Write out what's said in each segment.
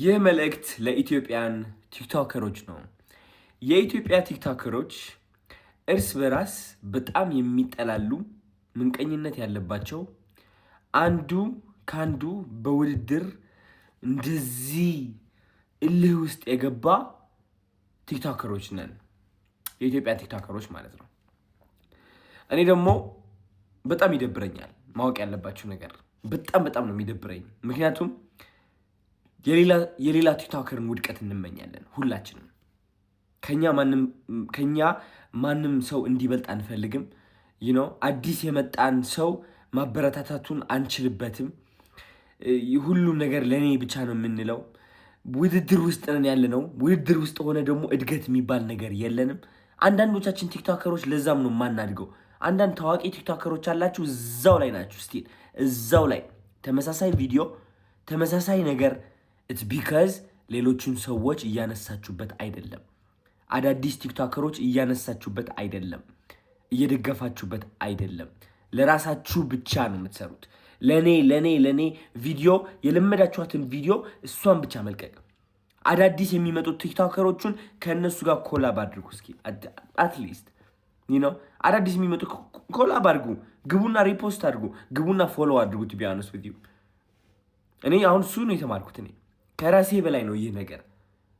ይህ መልእክት ለኢትዮጵያን ቲክቶከሮች ነው። የኢትዮጵያ ቲክቶከሮች እርስ በራስ በጣም የሚጠላሉ፣ ምንቀኝነት ያለባቸው፣ አንዱ ከአንዱ በውድድር እንደዚህ እልህ ውስጥ የገባ ቲክቶከሮች ነን። የኢትዮጵያ ቲክቶከሮች ማለት ነው። እኔ ደግሞ በጣም ይደብረኛል። ማወቅ ያለባችሁ ነገር በጣም በጣም ነው የሚደብረኝ ምክንያቱም የሌላ ቲክቶከርን ውድቀት እንመኛለን ሁላችንም። ከኛ ማንም ሰው እንዲበልጥ አንፈልግም። ይኖ አዲስ የመጣን ሰው ማበረታታቱን አንችልበትም። ሁሉም ነገር ለእኔ ብቻ ነው የምንለው። ውድድር ውስጥ ነን ያለ ነው። ውድድር ውስጥ ሆነ ደግሞ እድገት የሚባል ነገር የለንም። አንዳንዶቻችን ቲክቶከሮች ለዛም ነው የማናድገው። አንዳንድ ታዋቂ ቲክቶከሮች አላችሁ፣ እዛው ላይ ናችሁ፣ ስቲል እዛው ላይ ተመሳሳይ ቪዲዮ ተመሳሳይ ነገር ኢትስ ቢካዝ ሌሎቹን ሰዎች እያነሳችሁበት አይደለም። አዳዲስ ቲክቶከሮች እያነሳችሁበት አይደለም፣ እየደገፋችሁበት አይደለም። ለራሳችሁ ብቻ ነው የምትሰሩት። ለእኔ ለእኔ ለእኔ ቪዲዮ የለመዳችኋትን ቪዲዮ እሷን ብቻ መልቀቅ። አዳዲስ የሚመጡት ቲክቶከሮቹን ከእነሱ ጋር ኮላብ አድርጉ። እስኪ አትሊስት ነው አዳዲስ የሚመጡ ኮላብ አድርጉ። ግቡና ሪፖስት አድርጉ። ግቡና ፎሎ አድርጉት። ቢያነስ እኔ አሁን እሱ ነው የተማርኩት እኔ ከራሴ በላይ ነው ይህ ነገር።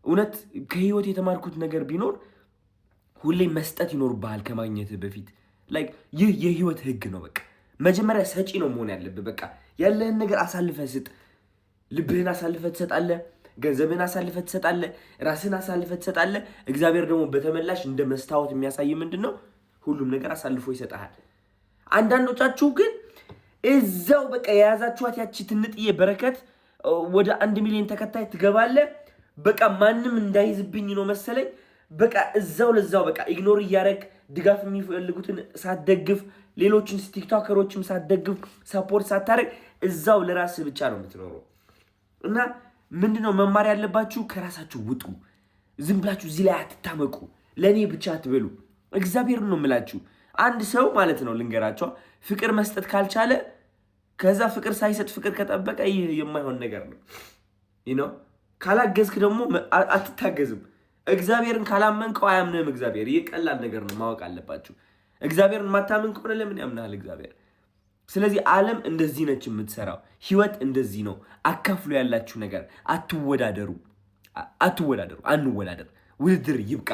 እውነት ከህይወት የተማርኩት ነገር ቢኖር ሁሌ መስጠት ይኖርብሃል ከማግኘት በፊት። ላይክ ይህ የህይወት ህግ ነው። በቃ መጀመሪያ ሰጪ ነው መሆን ያለብህ። በቃ ያለህን ነገር አሳልፈ ስጥ። ልብህን አሳልፈ ትሰጣለ፣ ገንዘብህን አሳልፈ ትሰጣለ፣ ራስህን አሳልፈ ትሰጣለ። እግዚአብሔር ደግሞ በተመላሽ እንደ መስታወት የሚያሳይ ምንድን ነው ሁሉም ነገር አሳልፎ ይሰጠሃል። አንዳንዶቻችሁ ግን እዛው በቃ የያዛችኋት ያቺ ትንጥዬ በረከት ወደ አንድ ሚሊዮን ተከታይ ትገባለህ። በቃ ማንም እንዳይዝብኝ ነው መሰለኝ። በቃ እዛው ለዛው በቃ ኢግኖር እያደረግ ድጋፍ የሚፈልጉትን ሳትደግፍ፣ ሌሎችን ቲክቶከሮችም ሳትደግፍ፣ ሰፖርት ሳታደርግ እዛው ለራስ ብቻ ነው የምትኖረው እና ምንድነው መማር ያለባችሁ? ከራሳችሁ ውጡ። ዝም ብላችሁ እዚህ ላይ አትታመቁ። ለእኔ ብቻ አትበሉ። እግዚአብሔር ነው የምላችሁ። አንድ ሰው ማለት ነው ልንገራቸዋ ፍቅር መስጠት ካልቻለ ከዛ ፍቅር ሳይሰጥ ፍቅር ከጠበቀ ይህ የማይሆን ነገር ነው። ነው ካላገዝክ ደግሞ አትታገዝም። እግዚአብሔርን ካላመንከው አያምንህም እግዚአብሔር። ይህ ቀላል ነገር ነው፣ ማወቅ አለባችሁ። እግዚአብሔርን ማታምን ከሆነ ለምን ያምናል እግዚአብሔር? ስለዚህ ዓለም እንደዚህ ነች የምትሰራው። ህይወት እንደዚህ ነው። አካፍሎ ያላችሁ ነገር አትወዳደሩ፣ አትወዳደሩ፣ አንወዳደር። ውድድር ይብቃ።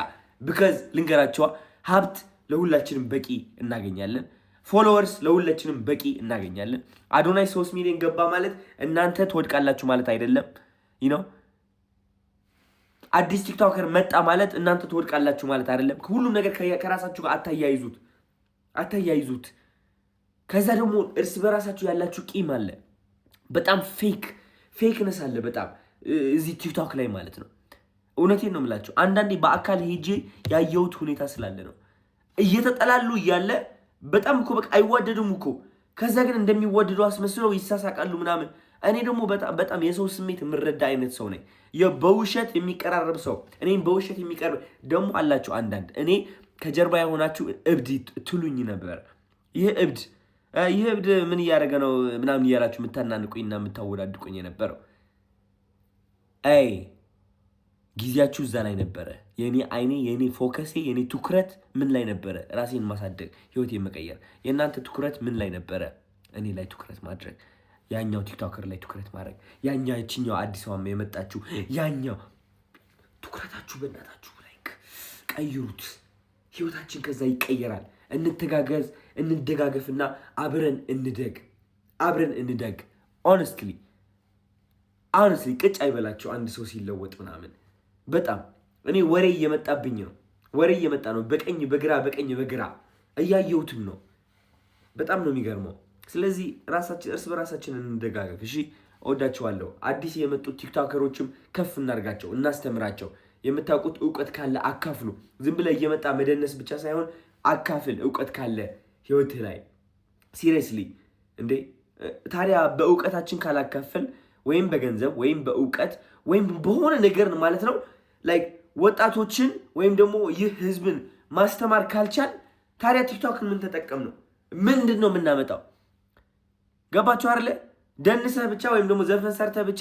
ብከዝ ልንገራቸዋ ሀብት ለሁላችንም በቂ እናገኛለን። ፎሎወርስ ለሁላችንም በቂ እናገኛለን። አዶናይ ሶስት ሚሊዮን ገባ ማለት እናንተ ትወድቃላችሁ ማለት አይደለም። ነው አዲስ ቲክቶከር መጣ ማለት እናንተ ትወድቃላችሁ ማለት አይደለም። ሁሉም ነገር ከራሳችሁ ጋር አታያይዙት አታያይዙት። ከዛ ደግሞ እርስ በራሳችሁ ያላችሁ ቂም አለ። በጣም ፌክ ፌክነስ አለ በጣም እዚህ ቲክቶክ ላይ ማለት ነው። እውነቴን ነው የምላቸው። አንዳንዴ በአካል ሄጄ ያየሁት ሁኔታ ስላለ ነው እየተጠላሉ እያለ በጣም እኮ በቃ አይዋደዱም እኮ ከዛ ግን እንደሚዋደዱ አስመስለው ይሳሳቃሉ ምናምን። እኔ ደግሞ በጣም የሰው ስሜት የምረዳ አይነት ሰው ነኝ። በውሸት የሚቀራረብ ሰው እኔም በውሸት የሚቀርብ ደግሞ አላችሁ አንዳንድ። እኔ ከጀርባ የሆናችሁ እብድ ትሉኝ ነበር። ይህ እብድ ይህ እብድ ምን እያደረገ ነው ምናምን እያላችሁ የምታናንቁኝና የምታወዳድቁኝ የነበረው አይ ጊዜያችሁ እዛ ላይ ነበረ። የኔ አይኔ የኔ ፎከሴ የኔ ትኩረት ምን ላይ ነበረ? ራሴን ማሳደግ፣ ህይወት የመቀየር የእናንተ ትኩረት ምን ላይ ነበረ? እኔ ላይ ትኩረት ማድረግ፣ ያኛው ቲክቶከር ላይ ትኩረት ማድረግ፣ ያኛ ይችኛው አዲስ አበባ የመጣችሁ ያኛው። ትኩረታችሁ በእናታችሁ ላይ ቀይሩት። ህይወታችን ከዛ ይቀየራል። እንተጋገዝ፣ እንደጋገፍና አብረን እንደግ፣ አብረን እንደግ። ኦነስትሊ ኦነስትሊ ቅጭ አይበላቸው አንድ ሰው ሲለወጥ ምናምን በጣም እኔ ወሬ እየመጣብኝ ነው። ወሬ እየመጣ ነው። በቀኝ በግራ በቀኝ በግራ እያየሁትም ነው። በጣም ነው የሚገርመው። ስለዚህ ራሳችን እርስ በራሳችን እንደጋገግ። እሺ፣ እወዳችኋለሁ። አዲስ የመጡት ቲክቶከሮችም ከፍ እናርጋቸው፣ እናስተምራቸው። የምታውቁት እውቀት ካለ አካፍሉ። ዝም ብለህ እየመጣ መደነስ ብቻ ሳይሆን አካፍል፣ እውቀት ካለ ህይወትህ ላይ ሲሪየስሊ። እንዴ ታዲያ በእውቀታችን ካላካፈል ወይም በገንዘብ ወይም በእውቀት ወይም በሆነ ነገር ማለት ነው ላይክ ወጣቶችን ወይም ደግሞ ይህ ህዝብን ማስተማር ካልቻል ታዲያ ቲክቶክን ምን ተጠቀም ነው? ምንድን ነው የምናመጣው? ገባችሁ አይደለ? ደንሰህ ብቻ ወይም ደግሞ ዘፈን ሰርተህ ብቻ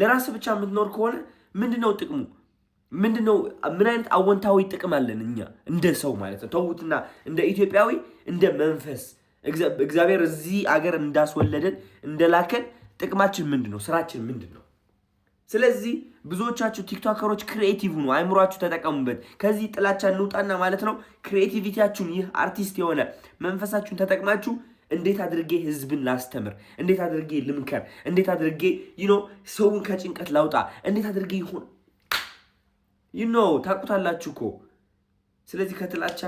ለራስህ ብቻ የምትኖር ከሆነ ምንድን ነው ጥቅሙ? ምንድን ነው ምን አይነት አወንታዊ ጥቅም አለን እኛ እንደ ሰው ማለት ነው? ተውትና እንደ ኢትዮጵያዊ እንደ መንፈስ እግዚአብሔር እዚህ አገር እንዳስወለደን እንደላከን ጥቅማችን ምንድን ነው? ስራችን ምንድን ነው? ስለዚህ ብዙዎቻችሁ ቲክቶከሮች ክሪኤቲቭ ነው፣ አይምሯችሁ ተጠቀሙበት። ከዚህ ጥላቻ እንውጣና ማለት ነው ክሪኤቲቪቲያችሁን፣ ይህ አርቲስት የሆነ መንፈሳችሁን ተጠቅማችሁ እንዴት አድርጌ ህዝብን ላስተምር፣ እንዴት አድርጌ ልምከር፣ እንዴት አድርጌ ዩኖ ሰውን ከጭንቀት ላውጣ፣ እንዴት አድርጌ ይሁን ዩኖ ታቁታላችሁ እኮ። ስለዚህ ከጥላቻ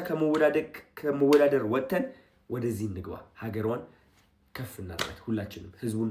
ከመወዳደር ወጥተን ወደዚህ እንግባ፣ ሀገሯን ከፍ እናድርጋት፣ ሁላችንም ህዝቡን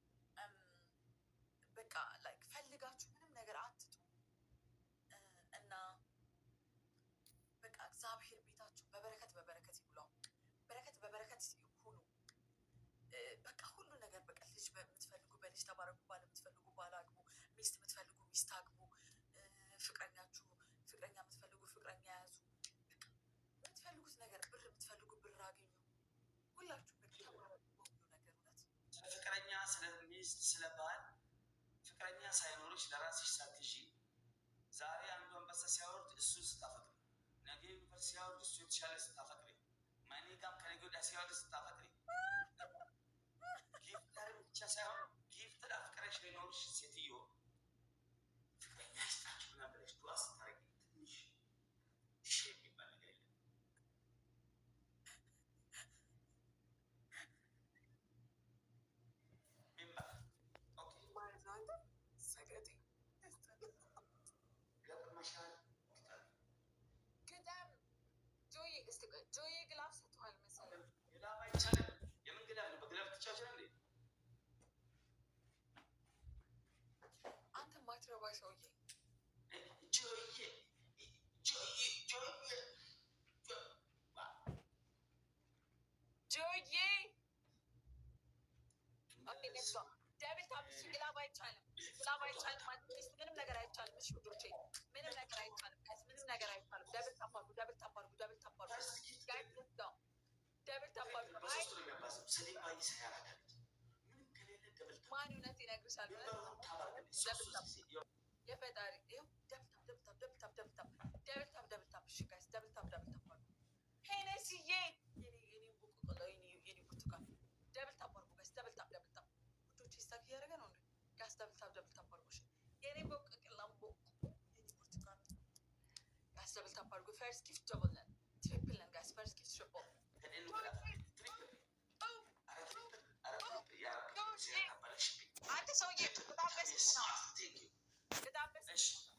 በቃ ሁሉ ነገር በቃ ልጅ የምትፈልጉ በልጅ ተባረኩ፣ ባል የምትፈልጉ ባል አግቡ፣ ሚስት የምትፈልጉ ሚስት አግቡ፣ ፍቅረኛችሁ ፍቅረኛ የምትፈልጉ ፍቅረኛ ያዙ። የምትፈልጉት ነገር ብር የምትፈልጉ ብር አግኙ። ሁላችሁ ፍቅረኛ ስለ ፍቅረኛ ስለ ስለባል ፍቅረኛ ሳይኖርሽ ለራስሽ ሳትይዢ ዛሬ አንዱ አንበሳ ሲያወርድ እሱ ስታፈቅሪ፣ ነገ ዩኒቨርሲቲ ሲያወርድ እሱ የተሻለ ስታፈቅሪ፣ ማኔ ጋም ከነገ ወዲያ ሲያወርድ ስታፈቅሪ ሳይሆን ጊፍትድ አፍቅረሽ ሊኖርሽ ሴትዮ ፍቅረኛ ስታችሁ ምናምን ብለሽ ዱዓ ስታረጊ ትንሽ እሺ የሚባል ነገር የለም። ግጥም ጆዬ ግላፍ ነው ባይ ሰውዬ ጆዬ ጆዬ ደብል ታፕ እሺ። አይቻልም፣ ግላብ አይቻልም። ምንም ነገር አይቻልም። እሺ ውዶቼ፣ ምንም ነገር አይቻልም። ምንም ነገር አይቻልም። ደብል ታፕ አድርጉ፣ ደብል ታፕ ደብል ታፕ ማን እውነት ይነግርሻል? double tap double tap double tap double tap double tap double tap double tap እሺ ጋይስ double tap double tap አድርጉ ሄነስዬ የኔ የኔ ቡቁቆሎ የኔ የኔ ብርቱካን double tap አድርጉ ጋይስ double tap double tap ውዶች ስታክ እያደረገ ነው እንዴ ጋይስ double tap double tap አድርጉ እሺ የኔ ቦቅቅላም ቦቅ የኔ ብርቱካን ጋይስ double tap አድርጉ ፈርስት ጊፍት double ነን ትሪፕል ነን ጋይስ ፈርስት ጊፍት ትሪፕል ሰውዬ በጣም በጣም